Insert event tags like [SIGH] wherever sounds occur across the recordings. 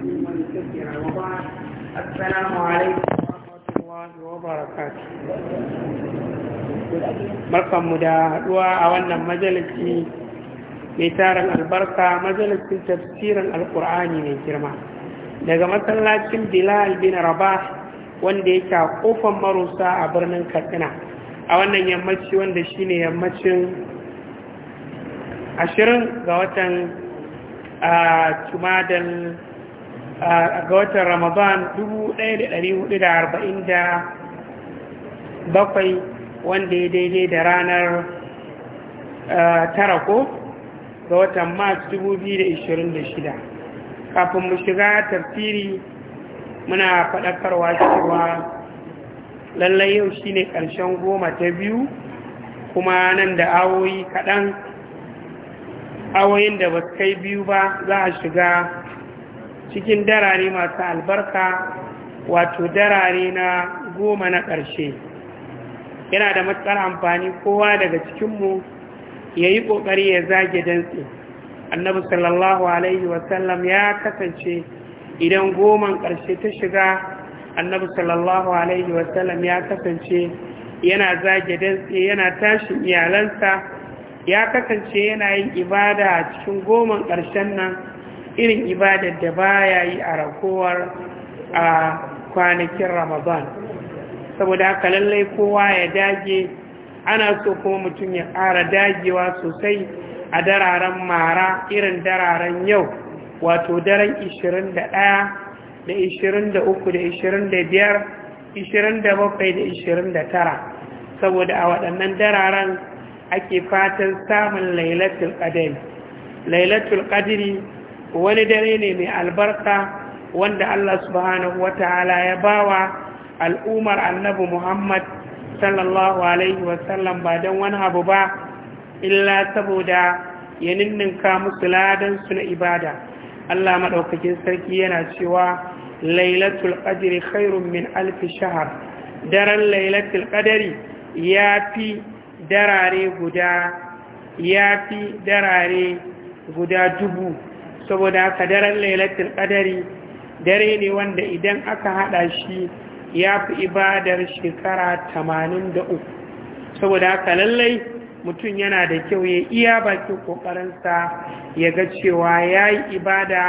السلام عليكم da haɗuwa a wannan majalisi mai tarin albarka majalisin tafsirin alkur'ani mai girma daga masallacin bilal bin rabah wanda yake a kofan marusa a birnin katsina a wannan yammaci wanda shine yammacin ashirin ga watan a ah, tumadan ga watan ramadan 1447 wanda ya daidai da ranar eh, tara ko ga watan mars 2026 kafin mu shiga tafsiri muna faɗakarwa cewa lallai yau shine ƙarshen goma ta biyu kuma nan da awoyi kaɗan awoyin da ba kai biyu ba za a shiga cikin darare masu albarka wato darare na goma na ƙarshe yana da matsar amfani kowa daga cikinmu ya yi ƙoƙari ya zage dantse annabi sallallahu alaihi wasallam ya kasance idan goman ƙarshe ta shiga annabi sallallahu alaihi wasallam ya kasance yana zage dantse yana tashin iyalansa ya kasance yana yin ibada a cikin goman ƙarshen nan irin ibadar da baya yi a rakowar a kwanakin ramadan saboda haka lallai kowa ya dage ana so kuma mutum ya ƙara dagewa sosai a dararen mara irin dararen yau wato daren 21 da 23 da 25 27 da 29 saboda a waɗannan dararen ake fatan samun lailatul qadari lailatul ƙadiri wani dare ne mai albarka wanda Allah subhanahu wata'ala ya bawa al'umar annabi Muhammad sallallahu alaihi wasallam ba don wani abu ba illa saboda ya ninninka musu ladansu su na ibada Allah madaukakin sarki yana cewa lailatul qadri khairun min alfi shahar daren lailatul qadri yafi darare guda darare guda dubu saboda haka daren lailatul qadari dare ne wanda idan aka hada shi ya fi ibadar shekara 83 saboda haka lallai mutum yana da kyau ya iya bakin kokarinsa ya ga cewa yayi ibada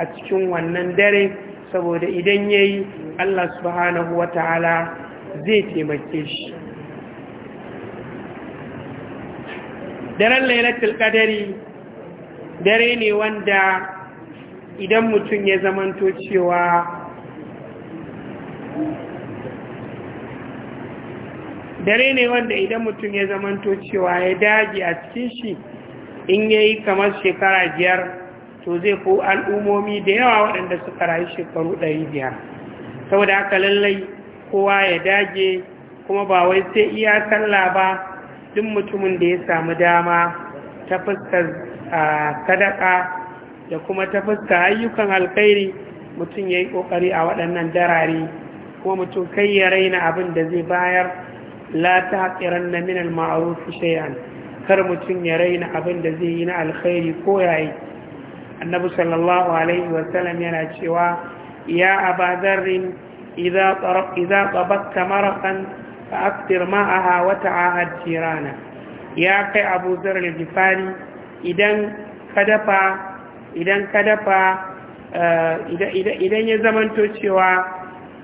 a cikin wannan dare saboda idan yayi allah subhanahu wa ta'ala zai taimake shi daren lailatul qadari dare ne wanda idan mutum ya zamanto cewa dare ne wanda idan mutum ya zamanto cewa ya daji a cikin shi in ya yi kamar shekara biyar to zai ko al'ummomi da yawa waɗanda suka rayu shekaru ɗari biyar saboda haka lallai kowa ya dage kuma ba wai sai iya sallah ba duk mutumin da ya samu dama ta fuskar a sadaka da kuma ta fuska ayyukan alkhairi mutum ya yi ƙoƙari a waɗannan darari kuma mutum kai ya raina abin da zai bayar la ta haƙiran na minal ma'arufi shay'an kar mutum ya raina abin da zai yi na alkhairi ko yayi annabi sallallahu alaihi wasallam yana cewa ya abadarrin idza tsabakta marakan fa aktir ma'aha wata ahad jirana ya kai abu zarar idan ka dafa idan eh, idan ya zamanto cewa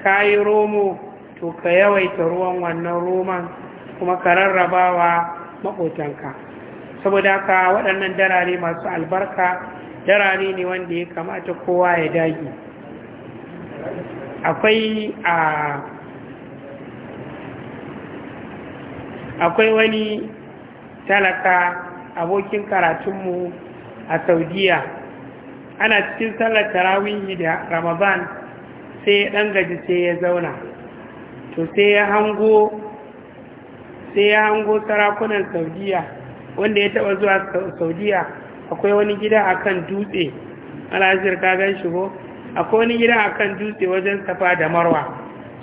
ka yi romo to ka yawaita ruwan wannan roman kuma ka rarrabawa makotanka saboda haka waɗannan darare masu albarka darare ne wanda ya kamata kowa ya dage akwai akwai wani talaka abokin karatunmu a saudiya ana cikin sallar tarawihi da ramadan sai ɗan gaji sai ya zauna to sai ya hango sai ya hango sarakunan saudiya wanda ya taɓa zuwa saudiya akwai wani gida akan dutse alhazir ka gan shigo akwai wani gida akan dutse wajen safa da marwa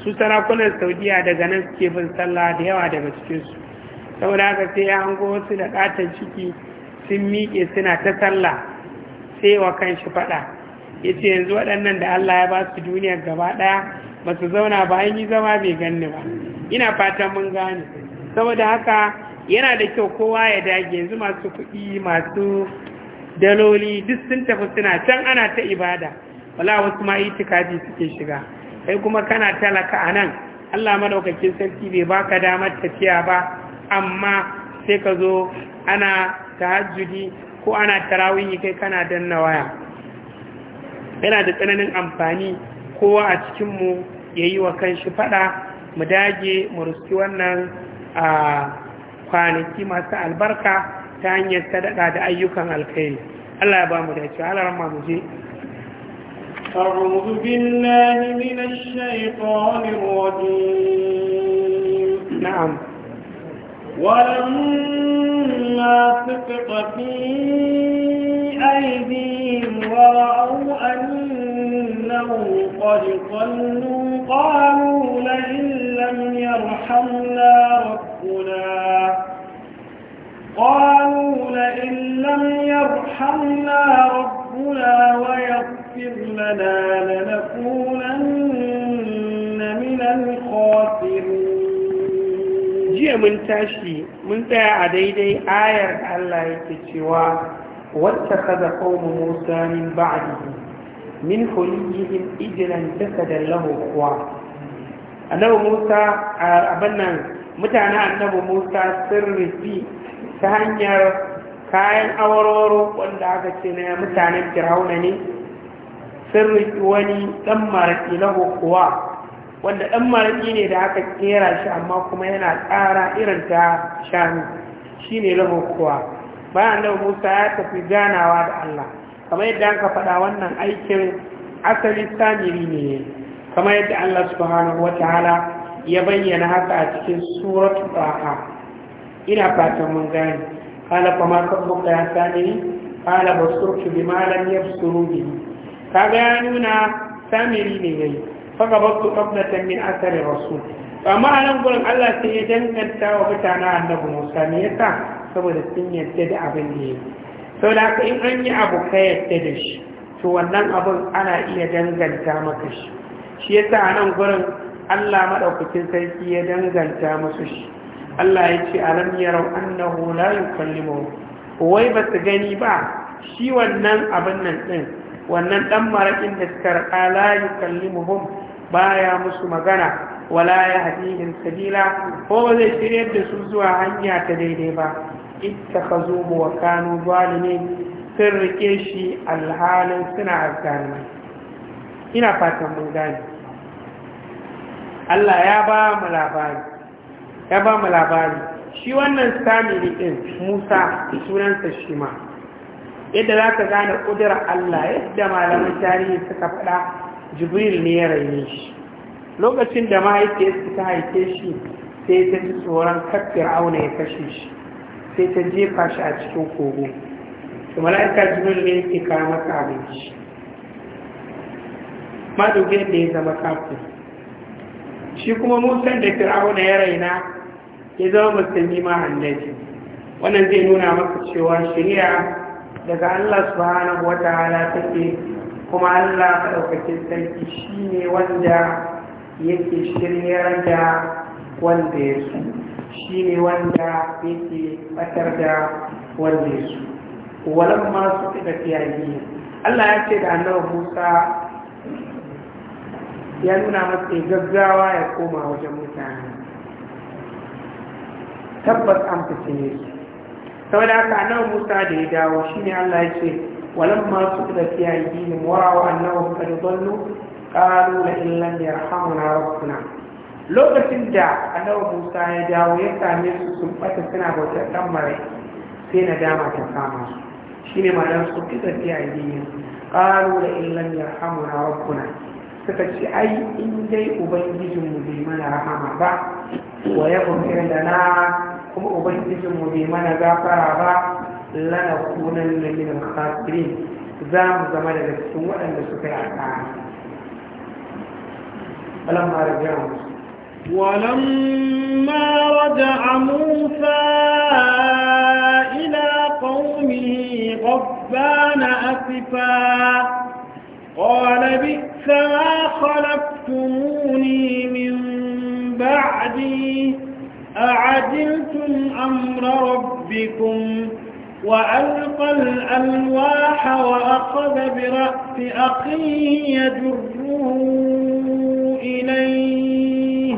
su sarakunan saudiya daga nan suke bin sallah da yawa daga cikinsu saboda haka sai ya hango wasu da katon ciki sun miƙe suna ta sallah sai wa kanshi faɗa ya ce yanzu waɗannan da Allah ya ba su duniyar gaba ɗaya ba su zauna ba an yi zama bai ganni ba ina fatan mun gane saboda haka yana da kyau kowa ya dage yanzu masu kuɗi masu daloli duk sun tafi suna can ana ta ibada wala wasu ma itikafi suke shiga kai kuma kana talaka a nan Allah madaukakin sarki bai baka damar tafiya ba amma sai ka zo ana tahajjudi ko ana tarawihi kai kana danna waya yana da tsananin amfani kowa a cikinmu ya yi wa kanshi fada mu dage mu ruski wannan a kwanaki masu albarka ta hanyar sadaka da ayyukan alkhairi Allah ya ba mu dace Allah rahma mu je أعوذ بالله من الشيطان الرجيم نعم ولما سقط في أيديهم ورأوا أنهم قد صلوا قالوا لئن لم يرحمنا ربنا قالوا لئن لم يرحمنا ربنا ويغفر لنا لنكونن من الخاسرين jiya mun tashi mun tsaya a daidai ayar Allah yake cewa wata kaza qaumu Musa min ba'adi min hulihim ijlan jasadan lahu kuwa annabu Musa abin nan mutanen annabi Musa sun rufi ta hanyar kayan awarwaro wanda aka ce na mutanen Firauna ne sun rufi wani dan mara kuwa wanda ɗan maraƙi ne da aka kera shi amma kuma yana ƙara irin ta shanu shi ne lahokowa bayan da musa ya tafi ganawa da allah kamar yadda aka faɗa wannan aikin asali samiri ne kamar yadda allah subhanahu wa ta'ala ya bayyana haka a cikin suratu ɗaha ina fatan mun gane kala kuma ya samiri kala bi malam ya kaga ya nuna samiri ne yayi fagabattu qablatan min athari rasul amma a nan gurin Allah sai ya danganta wa mutanen annabi Musa ne yasa saboda sun yarda da abin da yake saboda haka in an yi abu yarda da shi to wannan abin ana iya danganta maka shi shi yasa a nan gurin Allah madaukakin sarki ya danganta musu shi Allah ya ce annahu wai ba su gani ba shi wannan nan wannan ɗan marakin da suka baya musu magana wala ya hadihin sabila ko ba zai shiryar da su zuwa hanya ta daidai ba Ita ka zo mu wa Kano zalimin sun rike shi alhalin suna azalima ina fatan mun gani Allah ya ba mu labari ya ba mu labari shi wannan samiri din Musa sunansa shima. yadda za ka gane ƙudurar Allah yadda malaman tarihi suka faɗa jibril ne ya raine shi lokacin da mahaifiyarsa ta haife shi sai ta ci tsoron kafin auna ya kashe shi sai ta jefa shi a cikin kogo to mala'ika jibril ne yake kawo masa abinci madogin da ya zama kafin shi kuma musan da fir'auna ya raina ya zama musulmi ma annabi wannan zai nuna maka cewa shari'a daga Allah subhanahu ta'ala take kuma allah maɗaukakin sarki shi ne wanda yake shiryar da wanda ya su shi ne wanda yake ɓatar da wanda ya su walan ma su tafiya biyu allah ya ce da annabi musa ya nuna masa gaggawa ya koma wajen mutane tabbas an ne su saboda haka nan musa da ya dawo shi ne allah ya ce ولما سئل في أيديهم ورأوا أنهم قد ضلوا قالوا لئن لم يرحمنا ربنا lokacin da annabi Musa ya dawo ya same su sun bata suna bautar dan mare sai na dama ta kama su shine malam su kika fi addini qalu la in lam yarhamuna rabbuna suka ce ai in dai ubangijin mu bai mana rahama ba wa ya gumfira da na kuma ubangijin mu bai mana gafara ba لا min al-khasirin za mu zama daga cikin waɗanda suka فلما رجع ولما رجع موسى إلى قومه غضبان أسفا قال بئس ما خلفتموني من بعدي أعدلتم أمر ربكم وألقى الألواح وأخذ برأس أخيه يجره إليه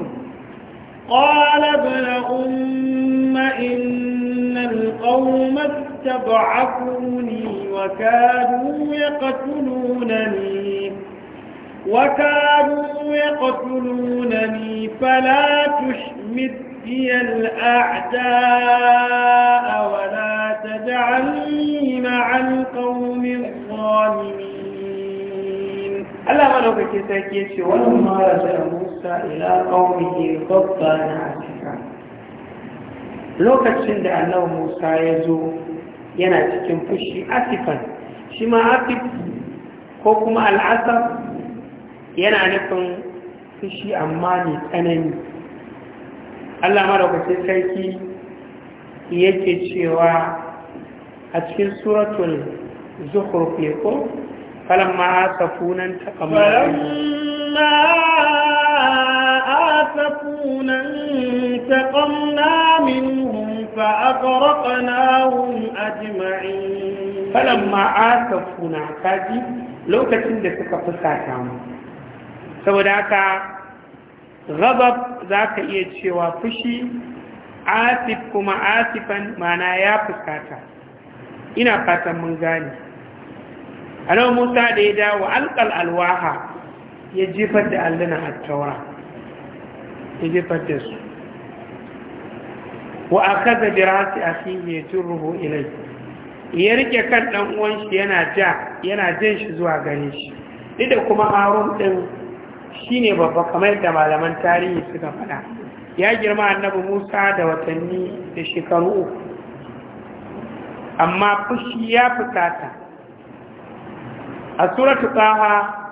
قال ابن أم إن القوم استضعفوني وكادوا يقتلونني وكادوا يقتلونني فلا تشمت تخزي الأعداء ولا تجعلني مع القوم الظالمين ألا ملوك كتاكيش ولما رجع موسى إلى قومه غضبان عسفا lokacin da Allah Musa ya zo yana cikin fushi asifan shi ma ko kuma al'asaf yana nufin fushi amma mai tsanani Allah madaukakin sarki yake cewa a cikin suratul zuhruf ne ko falamma asafunan taqamma falamma asafunan taqamna minhum fa aghraqnahum ajma'in falamma asafuna kaji lokacin da suka fusata mu saboda haka ghadab za ka iya cewa fushi asif kuma asifan mana ya fuskata ina fatan mun gane alau musa da ya dawo alƙal alwaha ya jefar da alluna a ya jefar da su wa a kaza da rasi a fi ya turruhu ilai ya rike kan ɗan uwanshi yana ja yana jan shi zuwa gane shi duk da kuma harun ɗin Shi ne babba kamar da malaman tarihi suka faɗa ya girma annabi musa da watanni da shekaru uku amma fushi ya fusata a suratu tsaha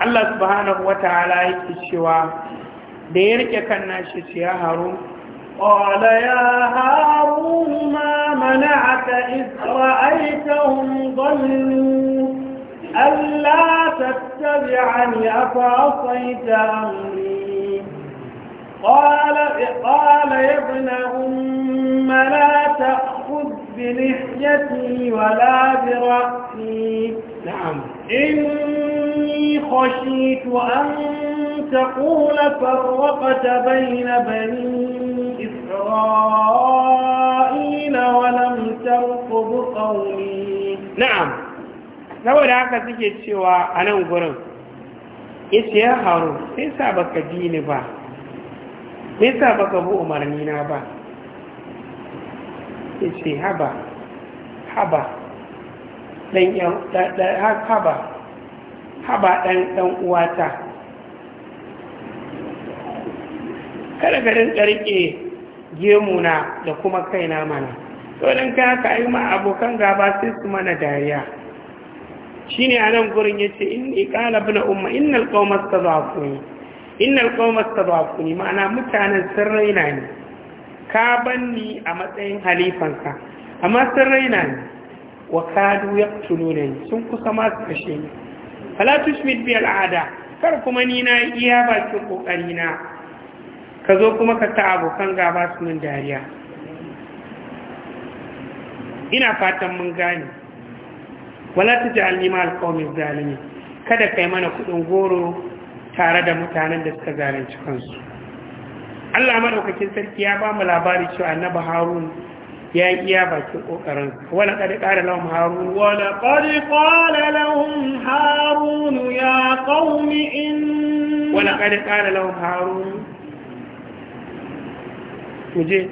Allah subhanahu wa ta'ala yake cewa da ya rike kan nashi ce ya harun قال يا هارون ما منعك إذ رأيتهم ضلوا ألا تتبعني أفعصيت أمري قال قال يا ابن أم لا تأخذ بلحيتي ولا برأسي نعم إني خشيت أن تقول فرقت بين بني إسرائيل ولم ترقب قومي نعم saboda haka suke cewa a nan gurin yace ya haru sai sa baka bi ba sai sa baka bi umarni na ba yace haba haba dan yan haba uwata kada ka rinka gemuna da kuma kaina mana don ka haka ai ma abokan gaba sai su mana dariya shine anan gurin yace inni qala ibn umma innal qawma istadafuni innal qawma istadafuni ma'ana mutanen sun raina ne. ka banni a matsayin halifanka amma sun raina ne. wa kadu ne, sun kusa ma su kashe ni fala tushmit bi al'ada kar kuma ni na iya bakin kokari na ka zo kuma ka ta abokan gaba su min dariya ina fatan mun gane wala ta ji alima alƙaumin zalimi kada kai mana kudin goro tare da mutanen da suka zalunci kansu Allah maɗaukakin sarki ya ba mu labari cewa annabi Harun ya yi iya bakin ƙoƙarin wala ƙari ƙari lahun Harun wala ƙari ƙari lahun Harun ya qaumi in wala ƙari kare Harun مجي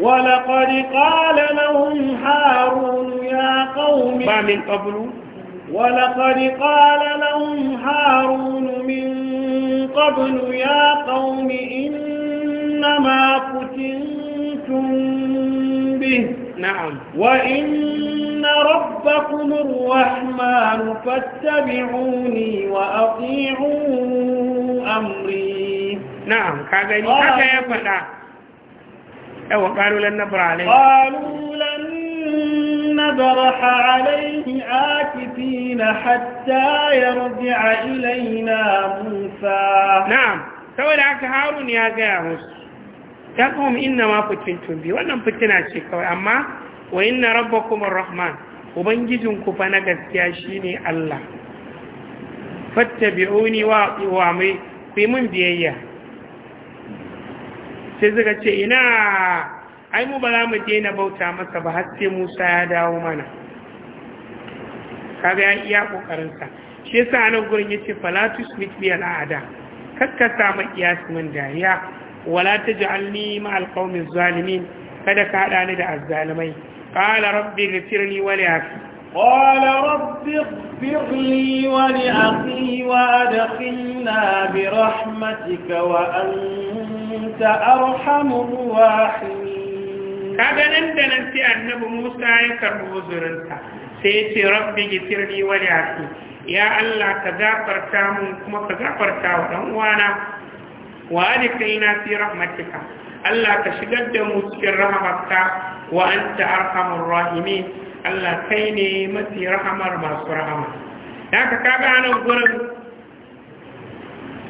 ولقد قال لهم هارون يا قوم ما من قبل ولقد قال لهم هارون من قبل يا قوم إنما فتنتم به نعم وإن ربكم الرحمن فاتبعوني وأطيعوا أمري نعم كذلك يا yawa ƙalu lan nabra alaihi ƙalu lan نبرح عليه عاكفين حتى يرجع إلينا موسى نعم saboda haka harun ya gaya musu ya kawon inna ma fitintun biyu wannan fitina ce kawai amma wa inna rabbakum rahman ubangijinku fa na gaskiya shine Allah fattabi'uni wa wa mai fi mun biyayya sai suka ce ina ai mu ba za mu daina bauta masa ba har sai Musa ya dawo mana kaga ya iya kokarin sa shi yasa anan gurin yace falatus mit bi al'ada kakka ta ma kiyas min dariya wala taj'alni ma alqawmi zalimin kada ka hada ni da azzalimai qala rabbi ghfirli wa li akhi قال رب اغفر لي ولأخي وأدخلنا برحمتك وأنت أرحم الراحمين هذا عندنا أنت أنب موسى يكرم وزرنك سيتي رب اغفر لي ولأخي يا الله تغفر تامن كما تغفر تامن وانا وأدخلنا في رحمتك الله تشغل دموتك الرحمة وأنت أرحم الراحمين Allah kai ne mafi rahamar masu rahama da ka kaga nan gurin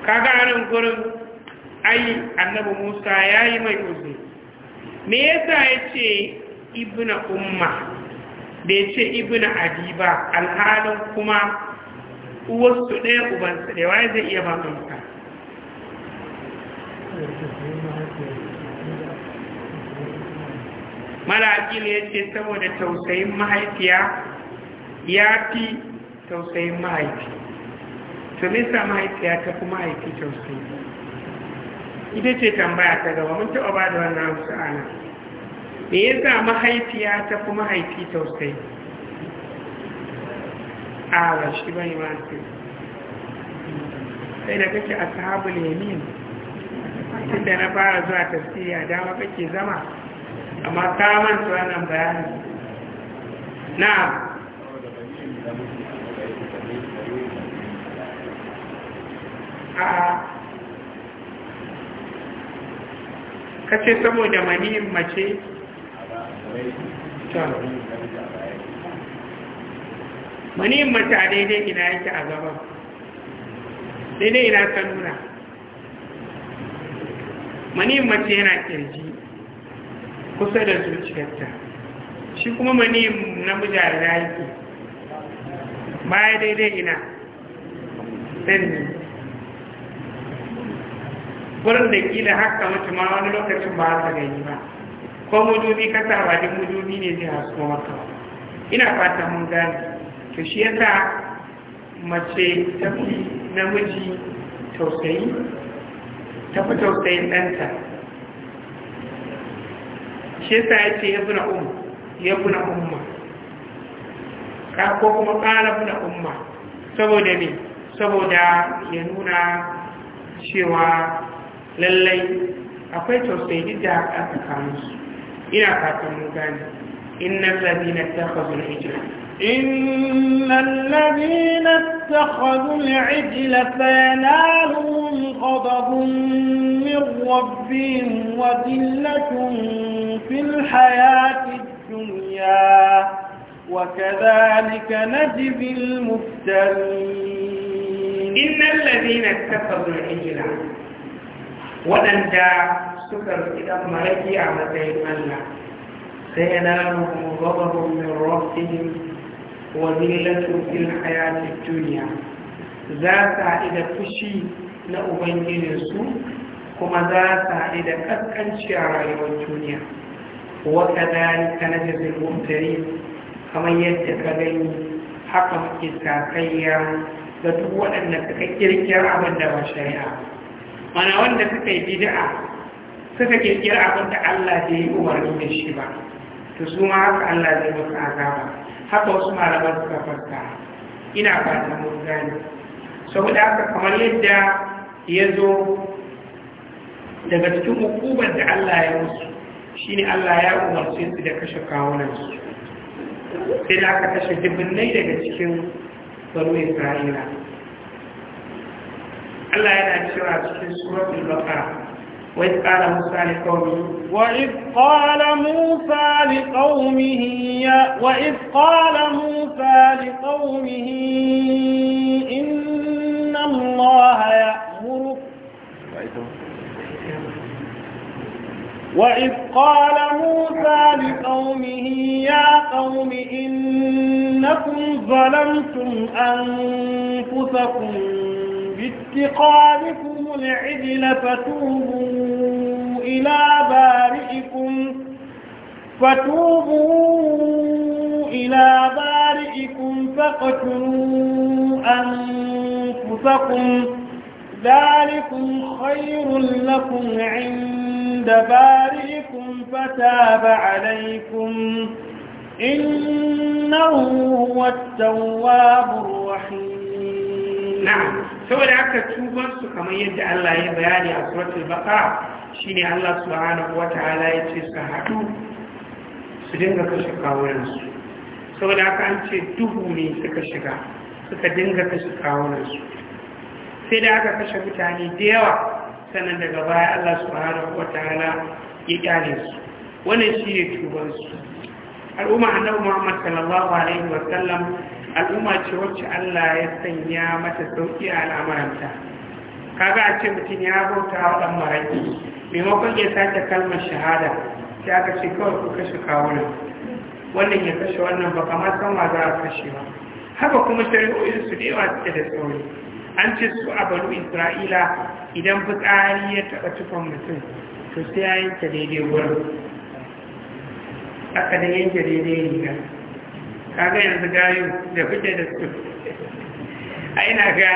kaga nan gurin ai annabi Musa ya yi mai uzuri me yasa ce ibina umma da yace ba? adiba alhalin kuma uwarsu ɗaya ubansu da waye zai iya bambanta mala'aƙil ya ce saboda tausayin mahaifiya ya fi tausayin mahaifi sa mahaifiya ta fi mahaifi tausayi ita ce tambaya ta gaba mun taɓa ba da wannan amsa ana me yasa mahaifiya ta fi mahaifi tausayi a ba shi ba imansu sai da kake sahabu lemin tun da na fara zuwa tafsiri a dama kake zama amma ka manta wannan bayani na a kace saboda maniyin mace maniyin mace a daidai ina yake a gaban daidai ina ka nuna maniyin mace yana kirji kusa da zuciyarta shi kuma mani namiji a yake baya daidai ina sanni wurin da kila haka mutu ma wani lokacin ba haka yi ba ko mujubi kasa ba duk ne zai hasko maka ina fata mun gani to shi yasa mace tafi namiji tausayi tafi tausayin ɗanta shi yasa ya ce ya fi umma ya buna umma ko kuma ƙara fi umma saboda ne saboda ya nuna cewa lallai akwai tausayi da aka su ina fatan mu gane innan labina ta kwazo na hijira إن الذين اتخذوا العجل فينالهم غضب من ربهم وذلة في الحياة الدنيا وكذلك نجزي المفترين إن الذين اتخذوا العجل وأنت سكر إذا مرجع مثل الله سينالهم غضب من ربهم wa zillatu fil hayati dunya za su haɗu da fushi na ubangijinsu kuma za su haɗu da ƙasƙanci a rayuwar duniya wa kadhalika najzil mumtarin kamar yadda ka gani haka muke sakayya ga duk waɗanda suka kirkiyar abin da ba shari'a mana wanda suka yi bid'a suka kirkiyar abin da Allah bai yi umarni da shi ba to su ma haka Allah zai musu azaba haka wasu malaman suka farka ina fata mun gane saboda haka kamar yadda ya zo daga cikin hukumar da Allah ya musu shine Allah ya umarce su da kashe kawunan su. sai da aka kashe dubbinai daga cikin baro Isra'ila Allah yana cewa cikin suratul baqara وإذ قال موسى لقومه وإذ قال موسى لقومه يا وإذ قال موسى لقومه إن الله يأمرك وإذ قال موسى لقومه يا قوم إنكم ظلمتم أنفسكم باتقالكم العجل فتوبوا إلى بارئكم فتوبوا إلى بارئكم فاقتلوا أنفسكم ذلكم خير لكم عند بارئكم فتاب عليكم إنه هو التواب الرحيم نعم saboda haka tuban su kamar yadda Allah ya bayani a suratul baqara shine Allah subhanahu wataala ya ce su haɗu su dinga kashe kawunan su saboda haka an ce duhu ne suka shiga suka dinga kashe kawunan su sai da aka kashe mutane da yawa sannan daga baya Allah subhanahu wataala ya kyale su wannan shine tuban su al'umma annabi Muhammad sallallahu alaihi wa sallam al'umma ce wacce Allah ya sanya mata sauki a al'amuranta kaga a ce mutum ya bauta wa ɗan maraƙi maimakon ya sace kalmar shahada sai aka ce kawai ku kashe kawunan wannan ya kashe wannan ba kamar san ma za a kashe ba haka kuma shari'o'in su da yawa suke da tsauri an ce su a banu isra'ila idan fitsari ya taɓa tufan mutum to sai ya yanke daidai wurin aka da yanke daidai riga kaga yanzu gayu da kuke da su a ina ga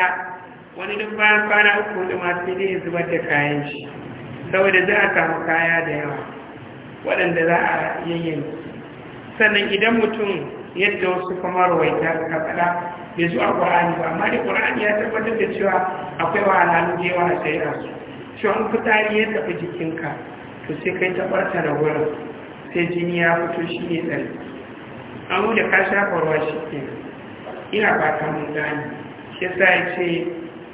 wani duk bayan kwana uku da masu yi zubar da kayan shi saboda za a samu kaya da yawa waɗanda za a yayyan sannan idan mutum yadda wasu kamar waita da faɗa bai zuwa ƙwarani ba amma da ƙwarani ya tabbatar da cewa akwai wahalhalu da yawa a shari'a su shi an fitari ya tafi jikinka to sai kai taɓarta da wurin sai jini ya fito shi ne ɗari abu da ka shafarwa shi ke ina fata mun gani shi sa ya ce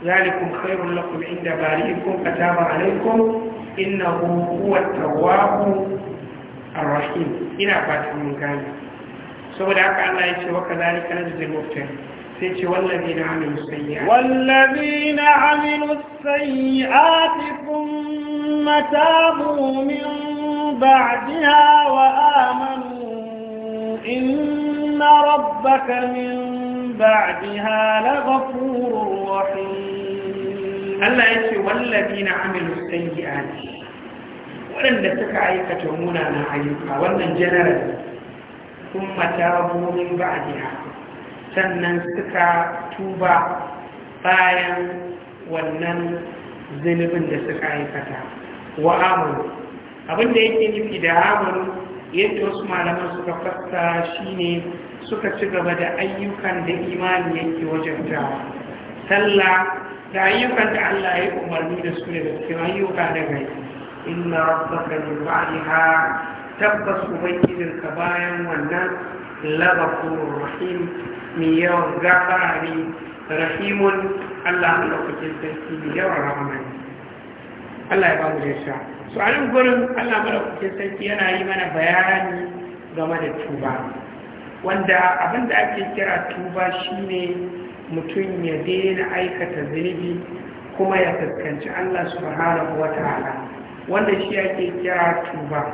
zalikun khairun lakum inda bari'ikum kataba alaikum innahu huwa tawwabu arrahim ina fata mun gani saboda haka Allah ya ce wa kadhalika najzil muftari sai ce والذين عملوا السيئات والذين عملوا السيئات ثم تابوا من بعدها amanu? إن ربك من بعدها لغفور رحيم الله يسي والذين عملوا السيئات ولن تكعيك تؤمننا عيوكا ولن جنرد ثم تابوا من بعدها sannan suka tuba bayan wannan zunubin da suka aikata wa amanu abinda yake nufi da amanu yadda wasu malaman suka fassa shine suka ci gaba da ayyukan da imani yake ta. sallah da ayyukan da Allah ya umarni da su da suke ayyuka na gari inna rabbaka min ba'daha tabbas ubangijin ka bayan wannan labafurur rahim mai yawan gafara rahimun Allah lokacin sarki mai yawan rahama Allah ya ba mu da sha to a nan gurin allah madaukakin sarki yana yi mana bayani game da tuba wanda abin da ake kira tuba shine mutum ya daina aikata zunubi kuma ya fuskanci allah subhanahu wa ta'ala wanda shi ake kira tuba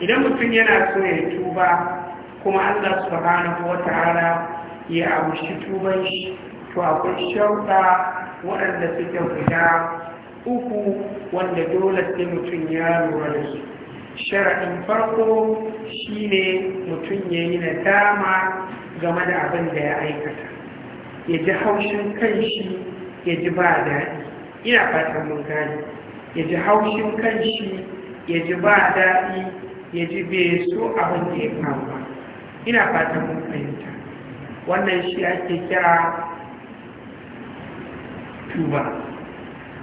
idan mutum yana so ya tuba kuma allah subhanahu wa ta'ala ya abushi tuban shi to akwai shauka waɗanda suke guda uku wanda dole sai mutum ya lura da su shara'in farko shi ne mutum ya yi nadama game da abin da ya aikata ya ji haushin kanshi ya ji ba daɗi ina fatan mun gani ya ji haushin kanshi ya ji ba daɗi ya ji bai so abin da ya faru ba ina fatan mun fahimta wannan shi ake kira tuba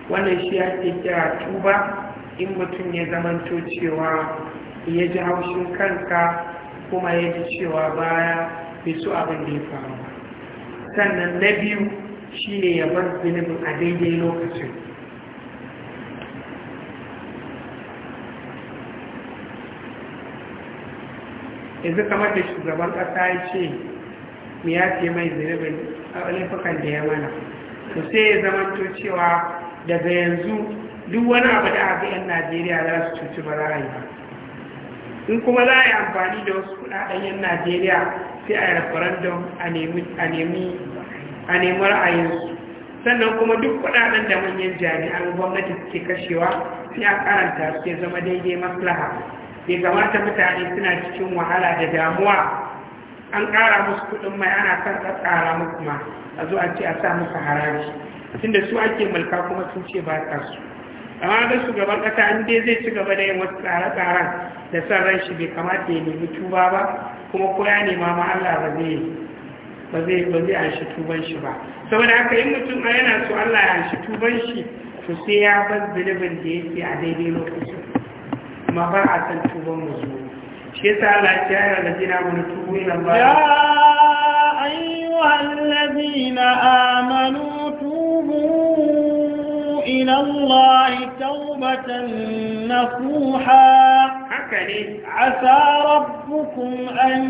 wannan shi ake kira tuba in mutum ya zamanto cewa ya ji haushin kanka kuma ya ji cewa baya bai so abin da ya faru sannan na biyu shi ne ya bar zunubin a daidai lokacin yanzu kamar da shugaban ƙasa ya ce mu ya ce mai zunubin a olifukan da ya mana to sai ya zamanto cewa daga yanzu duk wani abu da aka yan najeriya za su cuci ba za a yi in kuma za a yi amfani da wasu kudaden yan najeriya sai a yi referendum a nemi ra'ayinsu sannan kuma duk kudaden da manyan jami'an gwamnati suke kashewa sai a karanta su zama daidai maslaha bai kamata mutane suna cikin wahala da damuwa an kara musu kudin mai ana kan kara musu ma a zo a ce a sa musu haraji tunda su ake mulka kuma sun ce ba ta su amma ga shugaban kasa an dai zai ci gaba da yin wasu tsare-tsaren da san ran shi bai kamata ya nemi tuba ba kuma ko ya nema ma Allah ba zai ba zai ba zai an shi tuban shi ba saboda haka in mutum a yana so Allah ya an shi tuban shi to sai ya bar zunubin da yake a daidai lokacin amma ba a san tuban mu zuwa يا أيها الذين آمنوا توبوا إلى الله توبة نصوحا كريم عسى ربكم أن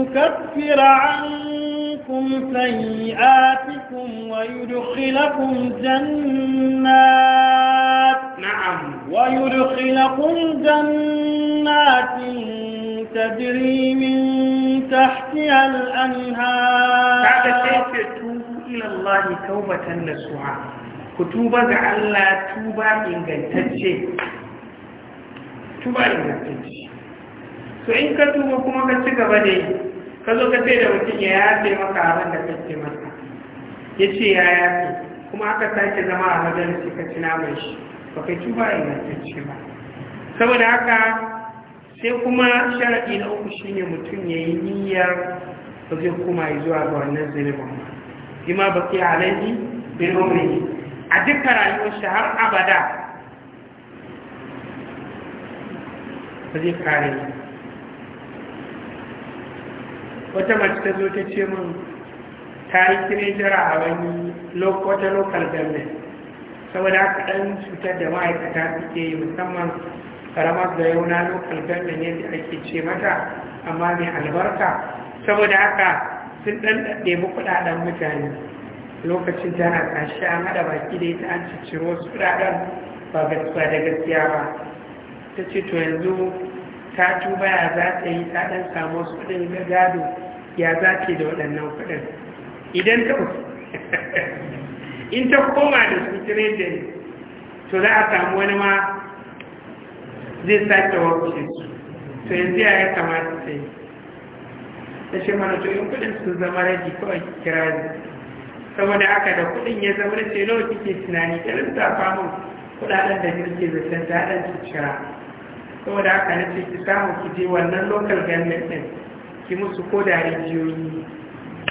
يكفر عنكم سيئاتكم ويدخلكم جنات نعم ويدخلكم جنات تجري من تحتها الأنهار ذلك كيف إلى الله توبة نسوعة كتوبة على توبة إن tuba mutunci to in ka tuba kuma ka ci gaba da yi ka zo ka sai da mutum ya yafe maka abin da kake masa ya ce ya yafe kuma aka sake zama a majalisi ka ci namun shi ba kai tuba mutunci ba saboda haka sai kuma sharaɗi na uku shine mutum ya yi niyyar ba zai kuma zuwa ga wannan zirin ba ba ke alaihi bin umri a duka rayuwar shahar har abada zai kare ne wata mace ta zo ta ce mun ta yi jira a wani wata lokal gane saboda aka ɗan cutar da ma'aikata suke yi musamman karamar da yauna gane ne da ake ce mata amma mai albarka saboda haka sun ɗan ɗaɗe kuɗaɗen mutane lokacin tana tashi an haɗa baki da ita an ciciro su kuɗaɗen ba da gaskiya ba ta ce to yanzu ta tuba ya za ta yi ta ɗan samu su kudin na gado ya za ce da waɗannan kuɗin idan ta in ta koma da su tiredin to za a samu wani ma zai sake kusa su to yanzu ya kamata ta yi ta shi mana to in kuɗin sun zama raji kawai kira ne saboda haka da kuɗin ya zama da ce nawa kike tunani ta lissafa min kuɗaɗen da kirke zaton ta ɗan cikira saboda haka na ce ki samu ki je wannan local government din ki musu ko da rijiyoyi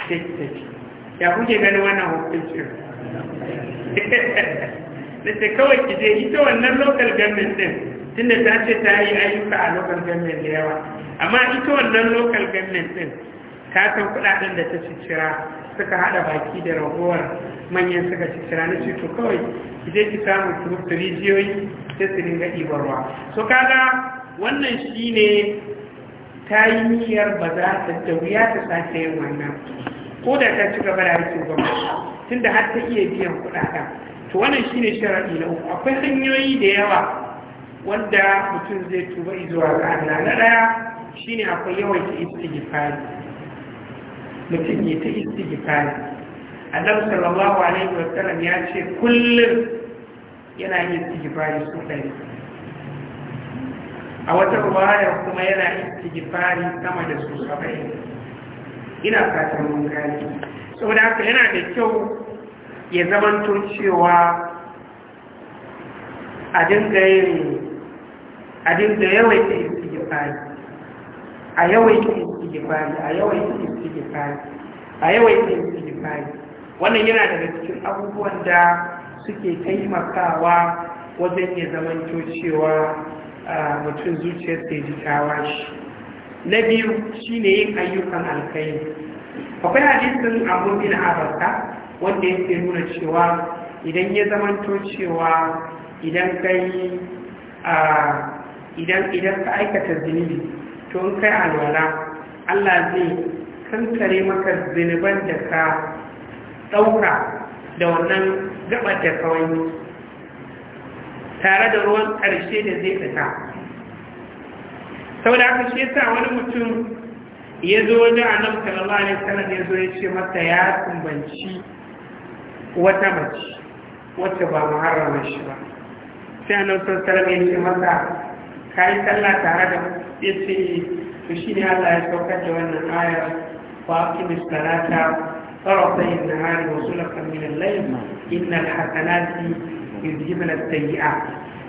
take take ya kuke gani wannan hukuncin da [LAUGHS] ce kawai ki je ita wannan local government din tunda ta ce ta yi ayyuka a local government da yawa amma ita wannan local government din ta san kudaden da ta ci cira suka hada baki da ragowar manyan suka ci kira na to kawai ki ki samu group rijiyoyi sai su dinga ibarwa so kaga wannan shine ta yi niyyar ba za ta da wuya ta sake yin wannan ko da ta ci gaba da aikin gwamnati tunda har ta iya biyan kuɗaɗen to wannan shine sharaɗi na uku akwai hanyoyi da yawa wanda mutum zai tuba izuwa ga Allah na ɗaya shine akwai yawan ki istighfari mutum ya ta istighfari annabi sallallahu alaihi sallam ya ce kullum yana yin istighfari su kai a wata ruwayar kuma yana istighfari sama da su sabai ina fatan mun gani saboda haka yana da kyau ya zamanto cewa a dinga yin a dinga yawaita istighfari a yawaita a yawancin istighfari a yawaita istighfari wannan yana daga cikin abubuwan da suke taimakawa wajen ya zama cewa mutum zuciyar ta ji tawashi na biyu shine yin ayyukan alkhairi akwai hadisin abubuwan abarta abarka wanda yake nuna cewa idan ya zama cewa idan kai idan ka aikata zinibi to in kai alwala Allah zai kankare maka zinuban da ka ɗaura da wannan gabar da kawai tare da ruwan ƙarshe da zai fita sau da aka shi sa wani mutum ya zo wajen annabi sallallahu alaihi wasallam ya zo ya ce masa ya kumbanci wata mace wacce ba muharrama shi ba sai annabi sallallahu alaihi wasallam ya ce masa kai sallah tare da ya ce to shi ne Allah ya saukar da wannan ayar فاقم الصلاة طرفي النهار وزلفا من الليل إن الحسنات يذهبن السيئات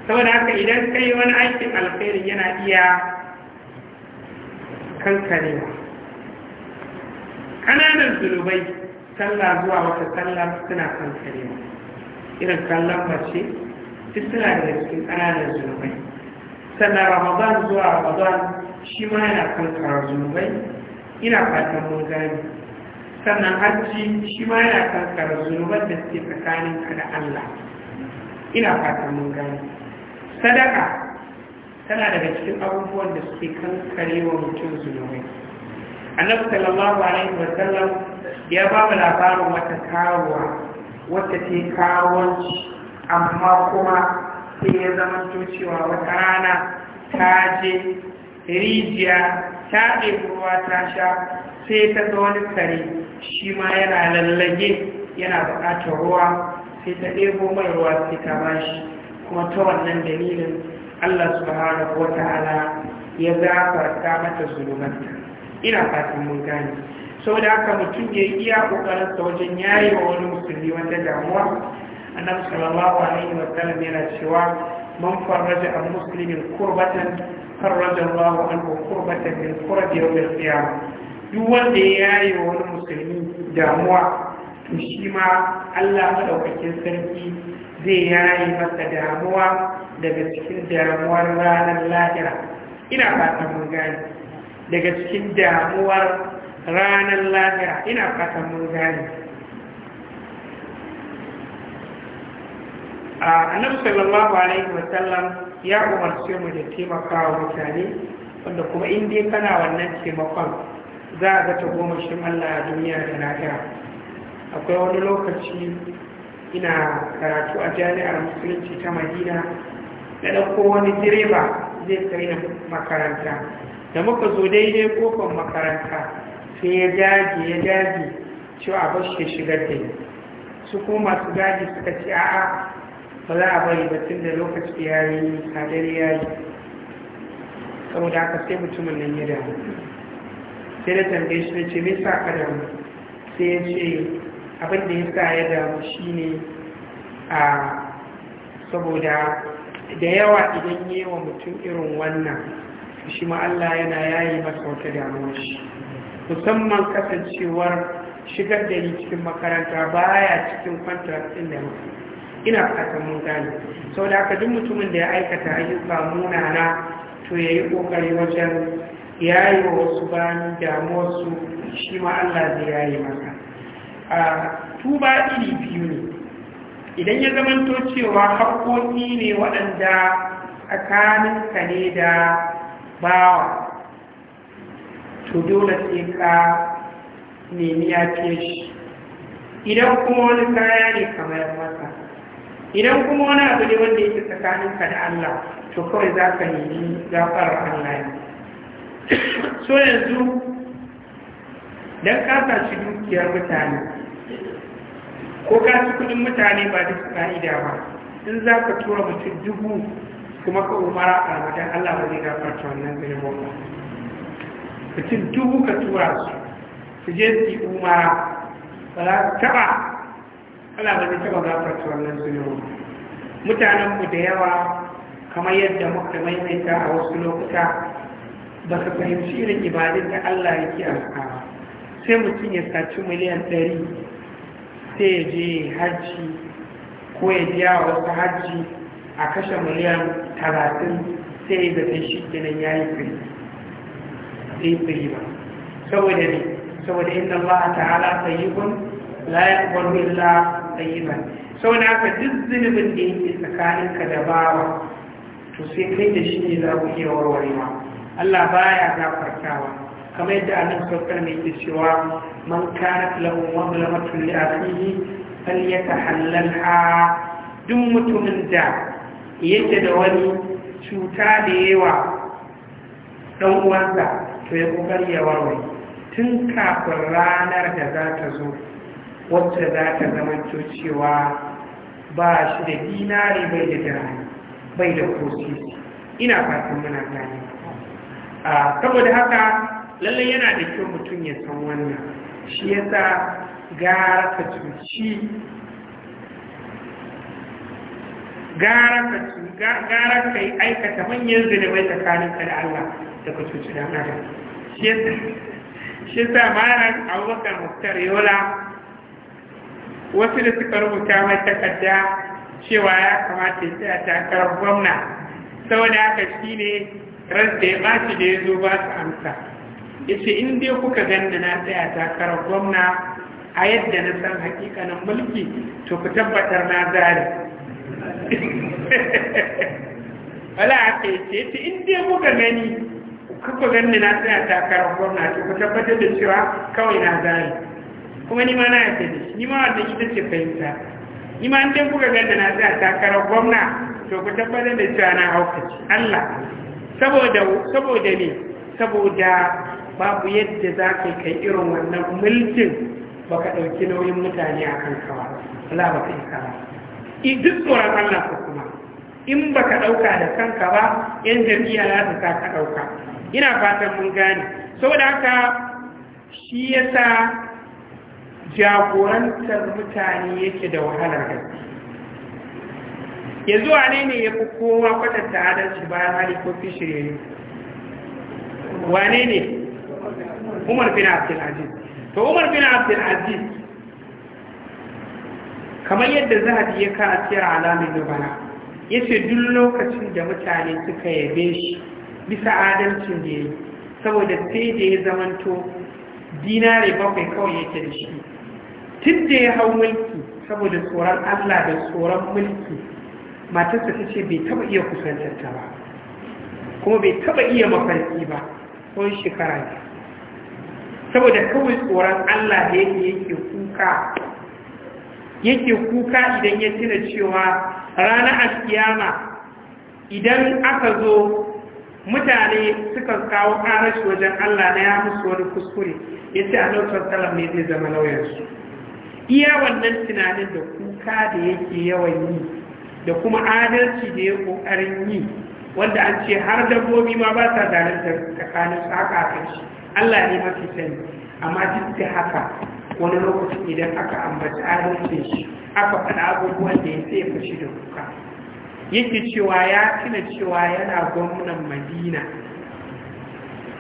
saboda haka idan kai wani aikin alkhairi yana iya kankarewa kananan zunubai sallah zuwa wata sallah suna kankarewa irin kallon mace duk suna da cikin kananan zunubai sannan ramadan zuwa ramadan shi ma yana kankara zunubai ina fatan mun gani sannan hajji shi ma yana kankara zunubar da suke tsakanin ka da Allah ina fatan mun gani sadaka tana daga cikin abubuwan da suke kankare wa mutum zunubai annabi sallallahu alaihi wa sallam ya ba mu labarin wata karuwa wata ce kawonci amma kuma sai ya zama cewa wata rana ta je rijiya ta ɗebi ruwa ta sha sai ta ga wani kare shi ma yana lallage yana buƙatar ruwa sai ta ɗebo mai ruwa sai ta bashi kuma ta wannan dalilin Allah Ko wata hana ya gafarta mata zulumanta ina fatan mun gane da haka mutum ya iya ƙoƙarin sa wajen yayi wa wani musulmi wata damuwa annabi sallallahu alaihi wa sallam yana cewa man farraja a muslimin kurbatan فرج الله عنه كربة من كرب يوم القيامة duk wanda ya yaye wani musulmi damuwa to shi ma Allah madaukakin sarki zai yaye masa damuwa daga cikin damuwar ranar lahira ina fata mun mun gane annabi sallallahu alaihi sallam ya umarce mu da taimakawa mutane wanda kuma in dai kana wannan taimakon za a ga ta goma shi Allah a duniya da lahira akwai wani lokaci ina karatu a jami'ar musulunci ta madina da ɗauko wani direba zai kai na makaranta da muka zo daidai kofar makaranta sai ya dage ya dage cewa a bashi shigar da yi su kuma masu gaji suka ce a'a ba za a bari ba tun da lokaci ya yi sadari ya yi saboda aka sai mutumin nan ya damu sai da tambaye shi na ce me sa ka damu sai ya ce abin da ya sa ya damu ne? a saboda da yawa idan yi wa mutum irin wannan shi ma Allah yana yayi masa wata damuwa shi musamman kasancewar shigar da ni cikin makaranta baya cikin kwantar ɗin da mutum ina fatan mun gane sau da aka duk mutumin da ya aikata ayyuka munana to ya yi ƙoƙari wajen yayi wa wasu bani damuwarsu shi ma Allah zai yayi maka a tuba iri biyu ne idan ya zamanto cewa haƙoƙi ne waɗanda tsakaninka ne da bawa to dole sai ka nemi ya fiye shi idan kuma wani kaya ne kamar masa idan kuma wani abu ne wanda yake tsakaninka da Allah to kawai za ka nemi gafarar Allah ne so yanzu don kasa ci dukiyar mutane ko ka ci kudin mutane ba da ka'ida ba in za ka tura mutum dubu kuma ka umara a wajen Allah ba zai ta wannan zunubin ba mutum dubu ka tura su su je su yi umara ba za su taɓa da ba zai taɓa gafarta wannan mutanen ku da yawa kamar yadda muka maimaita a wasu lokuta ba ka fahimci irin ibadun da Allah yake alƙawa sai mutum ya saci miliyan ɗari sai ya je hajji ko ya biya wasu hajji a kashe miliyan talatin sai ya zafi shi kenan ya yi ba saboda ne saboda inda Allah ta'ala sayyibun la yaqbalu illa Sau na ka duk zunubin da yake tsakaninka da bawa to sai kai da shi ne za ku iya warwarewa Allah baya gafartawa kamar yadda annabi saukar mai ke cewa man kanat lahu mazlamatun li akhihi falyatahallalha duk mutumin da yake da wani cuta da yawa dan uwansa to ya kokari ya warware tun kafin ranar da za ta zo wacce za ta zamanto cewa ba shi da dinari bai da dirhami bai da kosisi ina fatan muna gani saboda haka lallai yana da kyau mutum ya san wannan shi yasa gara ka cuci gara ka yi aikata manyan mai tsakaninka da Allah da ka cuci da Allah shi yasa malam abubakar muktar yola wasu da suka rubuta mai takarda cewa ya kamata ya a takarar gwamna saboda haka shi ne ran da ya bashi da ya zo ba su amsa ya ce in dai kuka ganna na tsaya takarar gwamna a yadda na san hakikanin mulki to ku tabbatar na zari [LAUGHS] wala haka ya ce ta inda kuka gani kuka ganni na tsaya takarar gwamna to ku tabbatar da cewa kawai na zari kuma ni ma na yadda da ni ma wanda ita ce fahimta ni ma an kuka ganda na a takarar gwamna to ku tabbatar da cewa na haukaci Allah saboda saboda ne saboda babu yadda za ka kai irin wannan mulkin baka ɗauki nauyin mutane a kan kawa Allah baka yi kawa duk tsoron Allah ku kuma in baka ɗauka da kanka ba yan jami'a za su sa ka ɗauka ina fatan mun gane saboda haka shi yasa jagorantar mutane yake da wahalar gaske yanzu wane ne ya fi kowa kwatanta adalci bayan fi shirye wane ne umar bin aziz to umar bin aziz kamar yadda a ya ka a tsira alamun dubana ya ce duk lokacin da mutane suka yabe shi bisa adalcin da ya yi saboda sai da ya zamanto dinare bakwai kawai yake da shi tun da ya hau mulki saboda tsoron Allah da tsoron mulki matarsa ta ce bai taba iya kusantar ta ba kuma bai taba iya mafarki ba tsawon shekara ne saboda kawai tsoron Allah da yake yake kuka yake kuka idan ya tuna cewa ranar alkiyama idan aka zo mutane suka kawo karashi wajen Allah na ya musu wani kuskure ya ce a nautar talar ne zai zama lauyarsu iya wannan tunanin da kuka da yake yawan yi da kuma adalci da ya ƙoƙarin yi wanda an ce har dabbobi ma ba sa da tsakanin tsaka a shi Allah ne mafi sani amma duk da haka wani lokacin idan aka ambaci adalcin shi aka faɗa abubuwan da ya sai fashi da kuka yake cewa ya tuna cewa yana gwamnan madina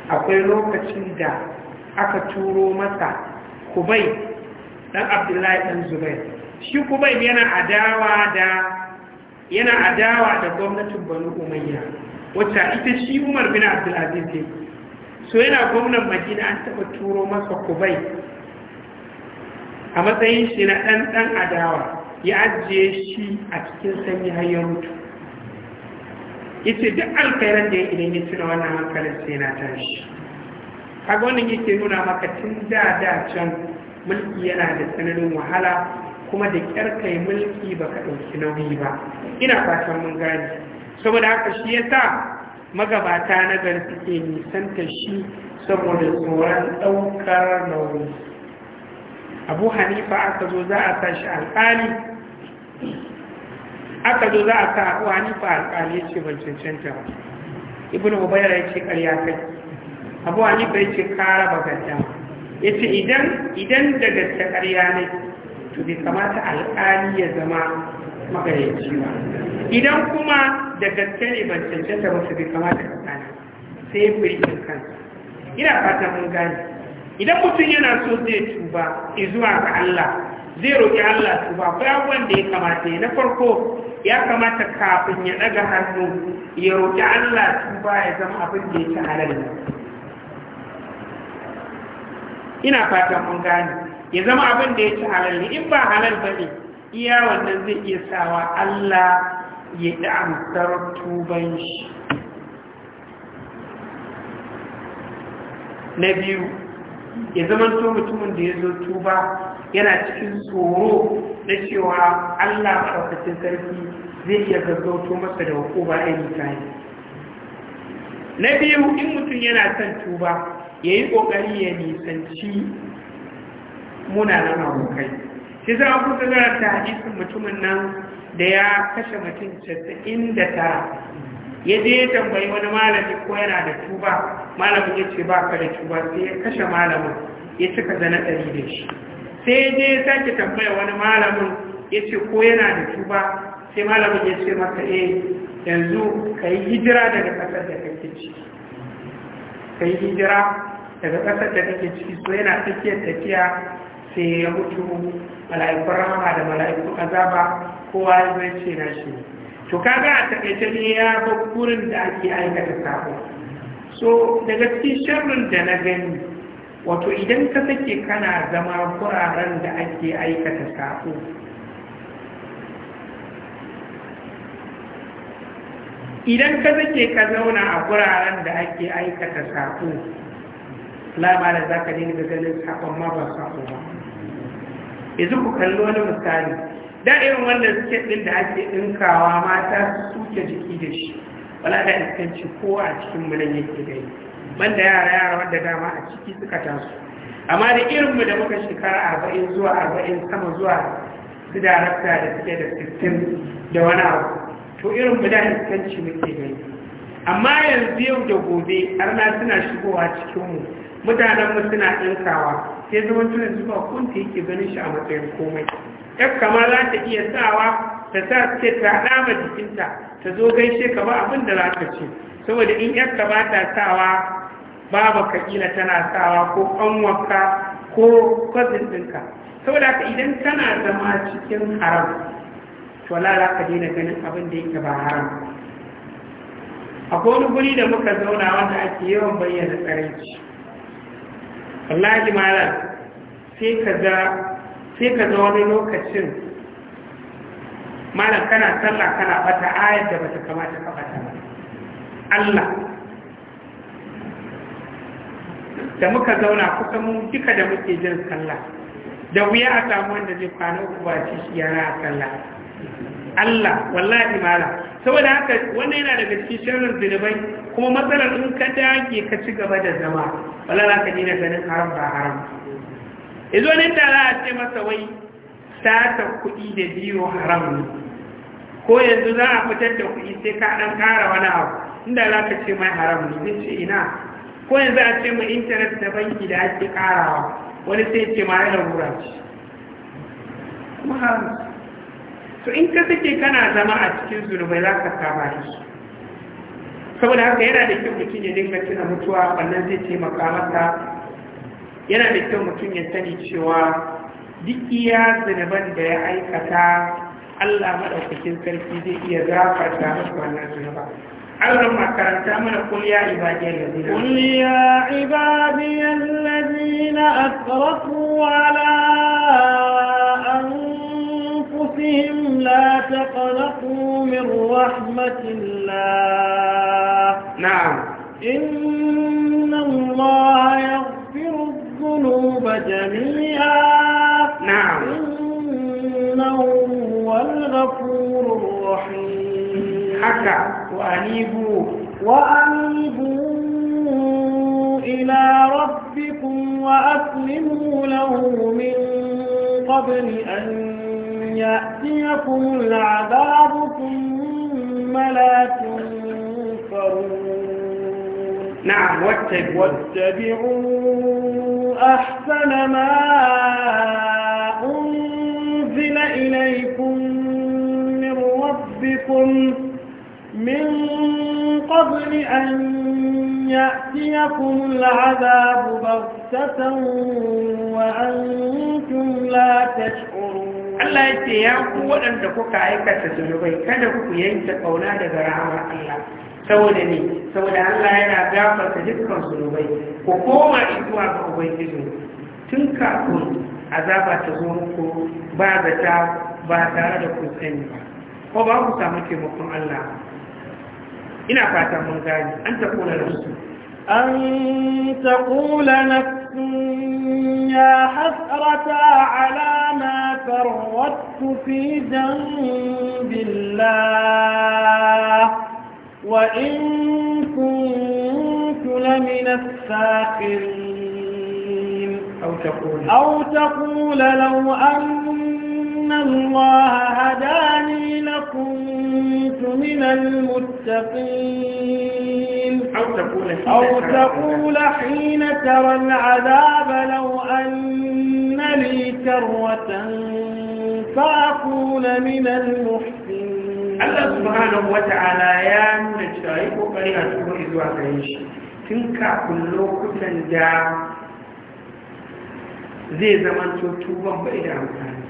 akwai lokacin da aka turo masa kubai dan abdullahi dan zubair shi kuma yana adawa da yana adawa da gwamnatin banu umayya wacce ita shi umar bin Aziz ne so yana gwamnan madina an taba turo masa kubai a matsayin shi na ɗan ɗan adawa ya ajiye shi a cikin sanyi har ya mutu yace duk alkhairan da ya idan ya tuna wannan hankalin sai na tashi kaga wannan yake nuna maka tun da da can mulki yana da tsananin wahala kuma da kyar kai mulki ba ka ɗauki nauyi ba ina fatan mun gane saboda haka shi ya sa magabata na gari suke nisanta shi saboda tsoron ɗaukar nauyi abu hanifa aka zo za a sa shi alƙali aka zo za a sa abu hanifa alƙali ya ce ban cancanta ba ibn ubayra ya ce ƙarya kai abu hanifa ya ce kara ba gadda yace idan idan da gaske ƙarya ne to bai kamata alƙali ya zama magayyaci ba idan kuma da gaske ne ban cancanta ba su bai kamata ka tsana sai ya fi kan. ina fata mun gane idan mutum yana so zai tuba zuwa ga Allah zai roƙi Allah tuba ko abubuwan da ya kamata ya na farko ya kamata kafin ya ɗaga hannu ya roƙi Allah tuba ya zama abin da ya ci halal ina fatan mun gane ya zama abin da ya ci halal in ba halal ba ne iya wannan zai iya sawa Allah ya ɗi amsar tuban shi na ya zama to mutumin da ya zo tuba yana cikin tsoro na cewa Allah maɗaukacin sarki zai iya gaggauto masa da hukuma ɗin mutane na biyu in mutum yana son tuba ya yi ƙoƙari ya nisanci munanan abokai shi za a kusa zara ta hadisin mutumin nan da ya kashe mutum casa'in da tara ya je ya tambayi wani malami ko yana da tuba malamin ya ce ba ka da tuba sai ya kashe malamin ya cika zana ɗari da shi sai ya je ya sake tambaya wani malamin ya ce ko yana da tuba sai malamin ya ce maka eh yanzu ka yi hijira daga ƙasar da kake ciki kai hijira daga ƙasar da take ciki so yana tsakiyar tafiya sai ya mutu mala'ikun rahama da mala'ikun azaba kowa ya zai ce na shi to kaga a takaice ne ya ba gurin da ake aikata sabo so daga cikin sharrin da na gani wato idan ka sake kana zama kuraren da ake aikata sabo idan ka zake ka zauna a guraren da ake aikata sako labarin za ka dinga ganin sakon ma ba sako ba ku kalli wani misali da irin wannan suke ɗin da ake ɗinkawa mata su suke jiki da shi wala da iskanci kowa a cikin mulan yake gani banda yara yara wanda dama a ciki suka taso amma da irinmu da muka shekara arba'in zuwa arba'in sama zuwa su da da suke da sittin da wani abu to irin guda iskanci muke gani amma yanzu yau da gobe arna suna shigowa cikinmu mutanenmu suna ɗinkawa sai zama tunan zuba kunta yake ganin shi a matsayin komai ka kama za ta iya sawa ta sa ce ta dama jikinta ta zo gaishe ka ba abin da za ta ce saboda in ɗan ka ba ta sawa babu kakila tana sawa ko ƙanwaka ko kwazin ɗinka saboda ka idan kana zama cikin haram to wala za ka daina ganin abin da yake ba haram akwai wani guri da muka zauna wanda ake yawan bayyana tsaraici wallahi malam sai ka za sai ka wani lokacin malam kana sallah kana bata ayar da bata kamata ka bata ba Allah da muka zauna kusa mun duka da muke jin sallah da wuya a samu wanda zai kwana uku ba shi yana sallah Allah wallahi mala saboda haka wannan yana daga cikin sharrin zinubai kuma matsalar in ka dage ka ci gaba da zama wallahi za ka dina ganin haram ba haram izo ne da za a ce masa wai sata kuɗi da biyo haram ne ko yanzu za a fitar da kuɗi sai ka ɗan ƙara wani abu inda za ka ce mai haram ne zai ce ina ko yanzu a ce mai intanet da banki da ake ƙarawa wani sai ce ma yana wura ce kuma haram to in ka sake kana zama a cikin zunubai za ka saba shi? saboda haka yana da kyau mutum ya dinga tuna mutuwa wannan zai taimaka masa yana da kyau mutum ya sani cewa duk iya zunuban da ya aikata Allah maɗaukakin sarki zai iya gafarta masa wannan zunuba أول ما كرمت من قل يا عبادي الذين قل يا عبادي الذين أسرفوا على بهم لا تقلقوا من رحمة الله نعم إن الله يغفر الذنوب جميعا نعم إنه هو الغفور الرحيم حكى وأنيبوا وأنيبوا إلى ربكم وأسلموا له من قبل أن يأتيكم العذاب ثم لا تنصرون نعم واتبعوا, واتبعوا أحسن ما أنزل إليكم من ربكم من قبل أن يأتيكم العذاب بغتة وأنتم لا تشعرون Allah ya ce ya ku waɗanda kuka aikata zunubai kada ku yanke ƙauna daga rahama Allah saboda ne saboda Allah yana gafarta dukkan zunubai ku koma zuwa ga ubangiji tun kafin azaba ta zo muku ba ta, ba tare da ku sani ba ko ba ku samu taimakon Allah ina fata mun gani an ta kula da su an ta kula na يا حسرة على ما فرطت في ذنب الله وإن كنت لمن الساخرين أو تقول أو تقول لو أن الله هداني لكنت من المتقين أو تقول حين أو تقول حين ترى العذاب لو أن Allah subhanahu ya nuna cewa yi ƙoƙari a cikin izuwa shi, tun kafin lokutan da zai zaman tuban bai da amfani.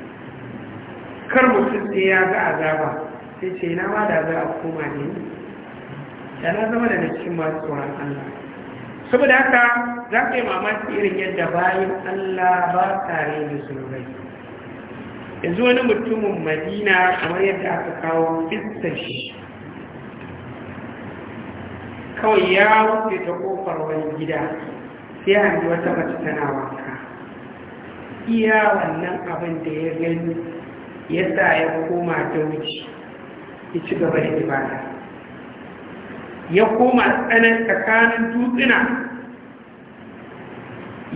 Kar mutum ɗaya ga azaba, sai ce, "Na ma da za a koma ne?" da na zama da cikin masu tsoron Allah saboda haka za ka yi mamaki irin yadda bayan Allah ba tare da sunurai yanzu wani mutumin madina kamar yadda aka kawo fitar shi kawai ya wuce ta kofar wani gida sai hangi wata mace tana wanka iya wannan abin da ya gani ya sa ya koma ta wuce ya ci gaba da ibada ya koma tsanan tsakanin dutsina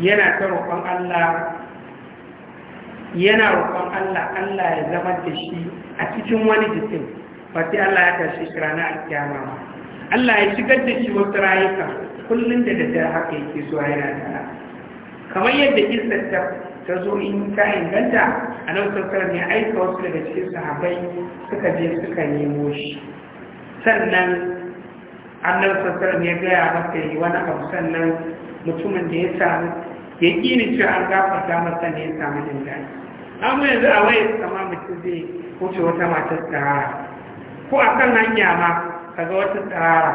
yana ta roƙon Allah yana roƙon Allah Allah ya zama da shi a cikin wani jikin ba Allah ya tashi shi a kyama ba Allah ya shigar da shi wasu rayuka kullum da daddare haka yake zuwa yana tara kamar yadda isa ta zo in ka inganta a nan sassar ne aika wasu daga cikin sahabai suka je suka nemo shi sannan annabi sassan ya gaya masa yi wani abu sannan mutumin da ya samu ya ƙini ce an gafarta masa ne ya samu jin daɗi amma yanzu a wayar kama mutum zai wuce wata matar tsirara ko a kan hanya ma ka ga wata tsirara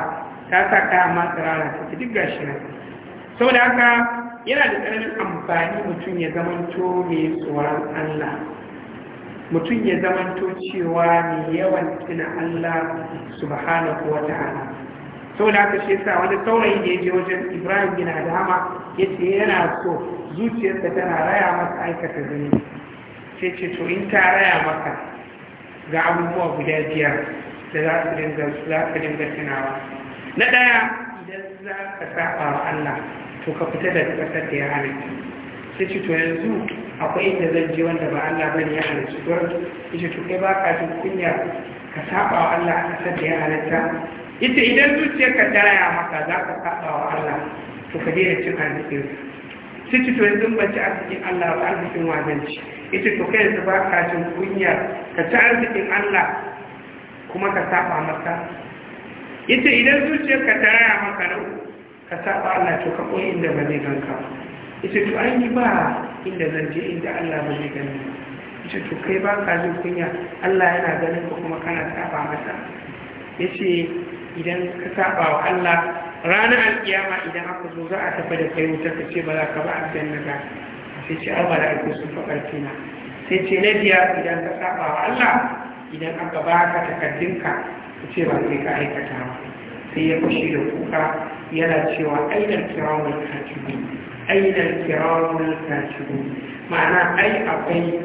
ta sa kaya ma tsirara ta ci duk gashi nan saboda haka yana da tsananin amfani mutum ya zama mai tsoron Allah mutum ya to cewa mai yawan tuna Allah subhanahu wa ta'ala sau da aka shesa wani saurayi da ya je wajen ibrahim bin adama ya ce yana so zuciyarsa tana raya masa aikata zunubi sai ce to in ta raya maka ga abubuwa guda biyar da za su dinga za dinga tunawa na ɗaya idan za ka saba wa Allah to ka fita daga ƙasar da ya halitta sai ce to yanzu akwai inda zan je wanda ba Allah bane ya halitta gurin ce to kai ba ka jin kunya ka saba wa Allah a ƙasar da ya halitta ita idan ka ta raya maka za ka kaɗa wa Allah to ka daina cin arzikin su ci to yanzu ban ci arzikin Allah ba arzikin wazanci ita to kai yanzu ba ka cin kunya ka ci arzikin Allah kuma ka saba maka ita idan ka ta raya maka nan ka saba Allah to ka koyi inda ba zai ganka ita to an yi ba inda zan je inda Allah ba zai gani ita to kai ba ka jin kunya Allah yana ganin ka kuma kana saba masa ce idan ka saba wa Allah ranar alkiyama idan aka zo za a tafi da kai wuta ka ce ba za ka ba aljanna ba sai ce an bala ake sun faɗar kina sai ce na biya idan ka saba wa Allah idan aka ba ka takardunka ka ce ba sai ka aikata ba sai ya fushi da kuka yana cewa ainihin kirawar kacibu ainihin kirawar kacibu ma'ana ai akwai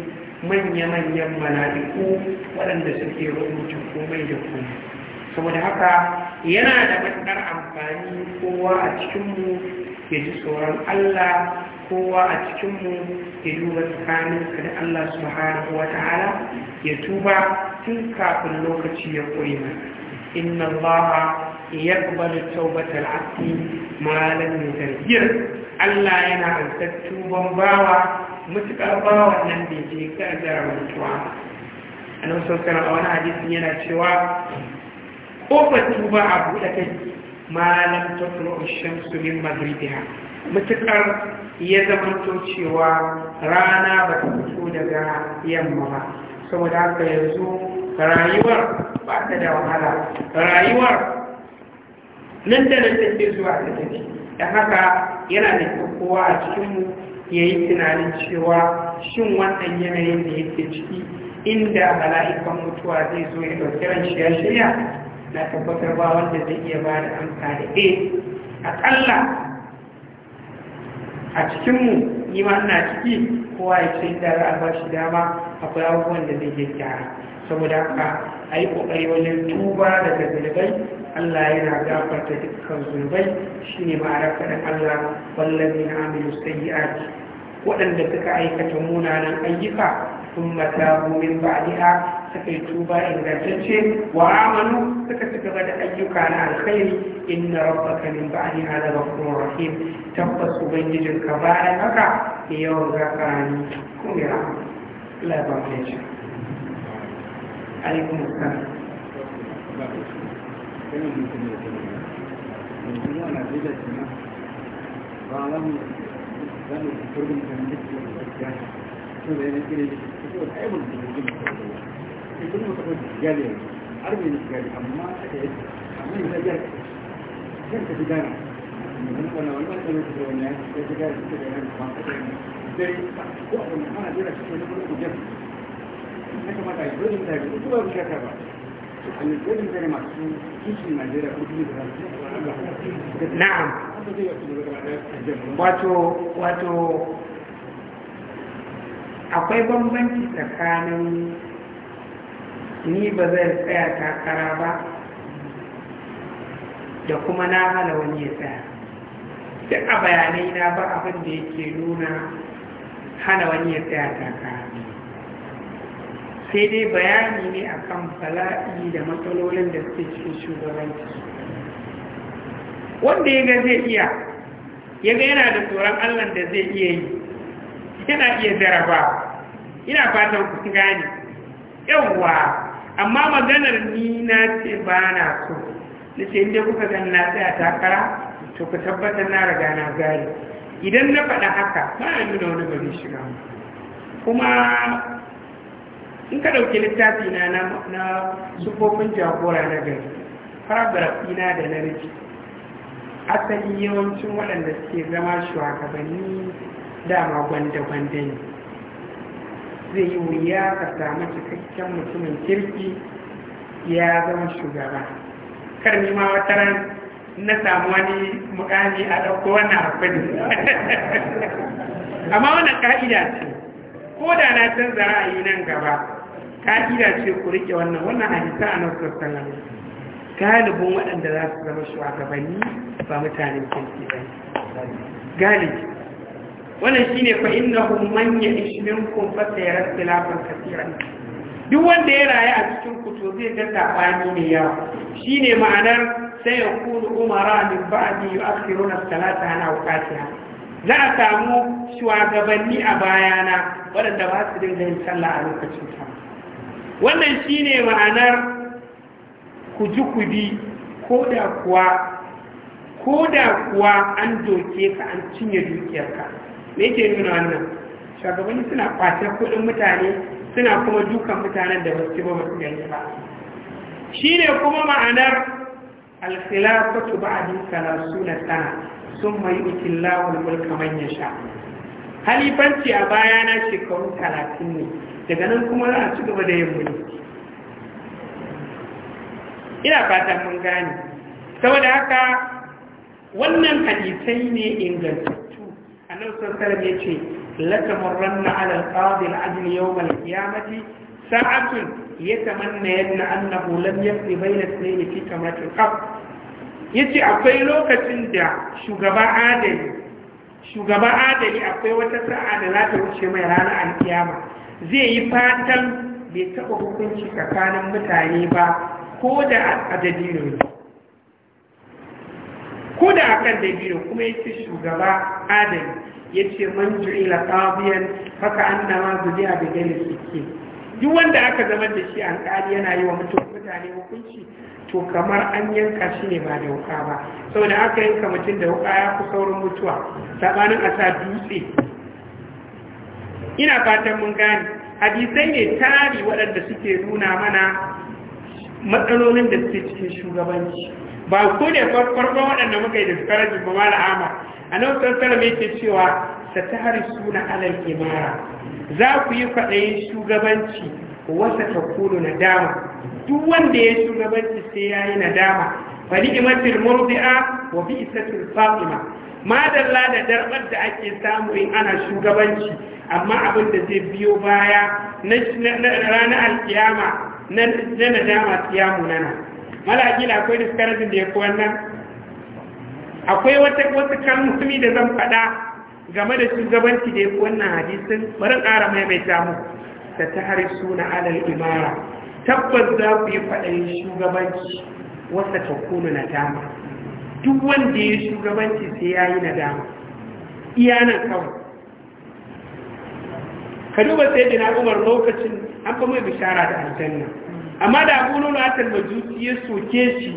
manya-manyan mala'iku waɗanda suke rubuta komai da komai saboda haka yana da matuƙar amfani kowa a cikinmu ya ji tsoron Allah kowa a cikinmu ya duba tsakaninsa da Allah su hari wa ta'ala ya tuba tun kafin lokaci ya koyi mana inna Allah yaqbalu taubatar 'abdi ma lam yutarjir Allah yana hantar tuban bawa matuƙar bawa nan da je ga mutuwa a nan alaihi a wani hadisi yana cewa batu ba a buɗe kai malam ta tsoro shamsu min magribiya mutukar ya zamanto cewa rana ba ta fito daga yamma ba saboda haka yanzu rayuwar ba ta da wahala rayuwar nan da nan take zuwa ta tafi da haka yana da kowa a cikinmu ya yi tunanin cewa shin wannan yanayin da yake ciki inda mala'ikan mutuwa zai zo ya ɗauki ran shi shirya na tabbatar ba wanda zai iya ba da amsa da a akalla a cikinmu ni ina ciki kowa ya ce da za a ba shi dama akwai abubuwan da zai gyara saboda haka a yi ƙoƙari wajen tuba daga zunubai Allah yana gafarta dukkan zunubai shi ne ma'ara faɗin Allah wallazi na amilu sayyi'ati waɗanda suka aikata munanan ayyuka ثم تابوا من بعدها سكي توبا إن رجتشي وآمنوا سكتك غدا أيك على الخير إن ربك من بعدها لغفور رحيم تبس بين الكبائر لك في يوم ذكراني كم يرى لا بقيت عليكم السلام Bağlamıyor. Ben de kurgun kendisi. Yani şöyle bir na'am wato wato akwai bambanci tsakanin ni ba zai tsaya takara ba da kuma na hana wani ya tsaya duk a bayanai na ba abin da yake nuna hana wani ya tsaya takara sai dai bayani ne akan bala'i da matsalolin da suke cikin shugabanci wanda ya ga zai iya ya ga yana da tsoron allah da zai iya yi yana iya jaraba ina fatan ku gane yauwa amma maganar ni na ce ba na so da ce inda kuka gan na tsaya takara to ku tabbatar na raga na gari idan na faɗa haka ba a nuna wani bari shiga kuma in ka ɗauki littafi na na sufofin jagora na gari paragraf ɗina da na riki asali yawancin waɗanda suke zama shugabanni dama gwanda-gwanda ne zai yi wuya ka samu cikakken mutumin kirki ya zama shugaba kar ma wata ran na samu wani mukami a ɗauko wannan akwai [LAUGHS] amma wannan ka'ida ce ko da na canza ra'ayi nan gaba ka'ida ce ku rike wannan wannan hadisa a nan sassan galibin waɗanda za su zama shugabanni ba mutanen kirki ba galibin wannan shine fa innahu man ya'ish minkum fa sayara ikhtilafan kaseeran duk wanda ya yi a cikin ku to zai ga sabani ne yawa shine ma'anar sai ya kunu umara min ba'di yu'akhiruna as-salata ana waqtiha za a samu shugabanni a bayana waɗanda ba su dinga yin sallah a lokacin ta wannan shine ma'anar ku ji ku bi ko da kuwa an doke ka an cinye dukiyarka me yake nuna wannan shugabanni suna kwatar kuɗin mutane suna kuma dukan mutanen da basu ba basu gani ba Shi ne kuma ma'anar alkhilafatu khilafatu ba'da 30 sana summa mai Allahu mulka man yasha halifanci a baya na shekaru talatin ne daga nan kuma za a ci gaba da yin mulki ina fatan mun gane saboda haka wannan hadisai ne inganta annabi sallallahu alaihi wasallam yace latamarranna ala alqadi aladl yawm alqiyamati sa'atun yatamanna yadna annahu lam yaqdi bayna ithnayn fi kamrati alqab yace akwai lokacin da shugaba adali shugaba adali akwai wata sa'a da za ta wuce mai ranar alkiyama zai yi fatan bai taɓa hukunci tsakanin mutane ba ko da a dalilin ko da akan dabino kuma ya ce shugaba adam ya ce man ju'ila qadiyan haka annama zubiya da gani suke duk wanda aka zama da shi an kali yana yi wa mutane hukunci to kamar an yanka shi ne ba da wuka ba saboda aka yanka mutum da wuka ya fi saurin mutuwa sabanin a sa dutse ina fatan mun gane hadisai ne tari waɗanda suke nuna mana matsalolin da suke cikin shugabanci ba ku ne farko waɗanda muka yi da karajin ba mara ama a nan sassara mai ke cewa ta ta suna alal imara za ku yi kwaɗayin shugabanci wasa ta kulu na dama duk wanda ya shugabanci sai ya yi na dama fa ni'imatul murdi'a wa bi'satul fatima madalla da darbar da ake samu in ana shugabanci amma abin da zai biyo baya na ranar alkiyama na nadama kiyamu nana malakila akwai discouraging da ya fi wannan akwai wasu kalmomi da zan faɗa game da shugabanci da ya fi wannan hadisin bari ƙara mai samu ta ta har suna alal imara tabbas za ku yi faɗayin shugabanci wasa ta kunu na dama duk wanda ya shugabanci sai ya yi na dama iya nan kawai ka duba sai dina umar lokacin an kuma mai bishara da aljanna amma da abu nuna majusi ya soke shi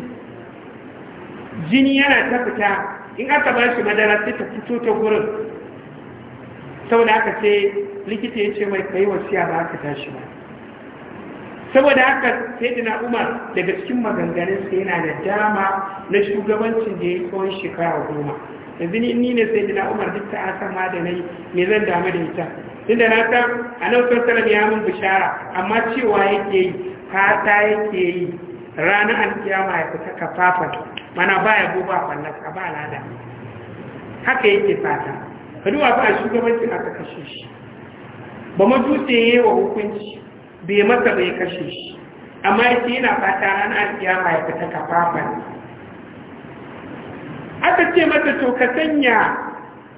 jini yana ta fita in aka ba shi madara sai ta fito ta gurin saboda aka ce likita ya ce mai kai wasiya ba aka tashi ba saboda haka sai dina umar daga cikin maganganunsa yana da dama na shugabancin da ya yi shekara goma yanzu ni ni ne sai dina umar duk ta ma da nai me zan damu da ita tunda na san a nan sun ya mun bishara amma cewa yake yi fata yake yi ranar kiyama ya fita kafafan mana ba ya kwallon ka ba lada haka yake fata kadu wasu a shugabancin aka kashe shi ba majuse ya yi wa hukunci bai masa bai kashe shi amma yake yana fata ranar kiyama ya fita kafafan aka ce mata to ka sanya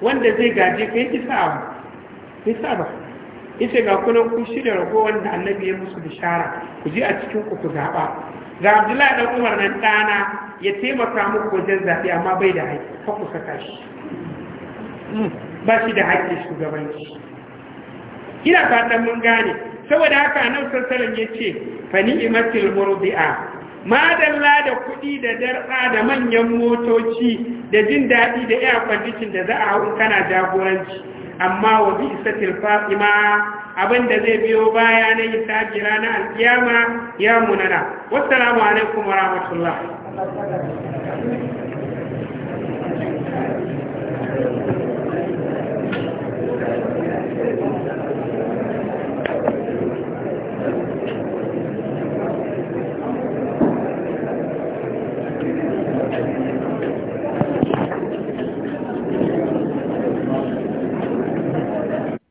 wanda zai gaje ka yi kisa ba yace ga kuna ku shirya ragowar da annabi ya musu bishara ku je a cikin ku ku zaɓa ga abdullahi dan umar nan ɗana ya taimaka muku wajen zaɓe amma bai da haƙƙi ka ku saka shi ba shi da haƙƙi shugabanci ina fatan mun gane saboda haka nan sassanin ya ce fani imatil murbi'a madalla da kuɗi da darɗa da manyan motoci da jin daɗi da air condition da za a hau kana jagoranci amma wa bi isatil fatima abin da zai biyo baya na hisabi na alkiyama ya munana wassalamu alaikum wa rahmatullah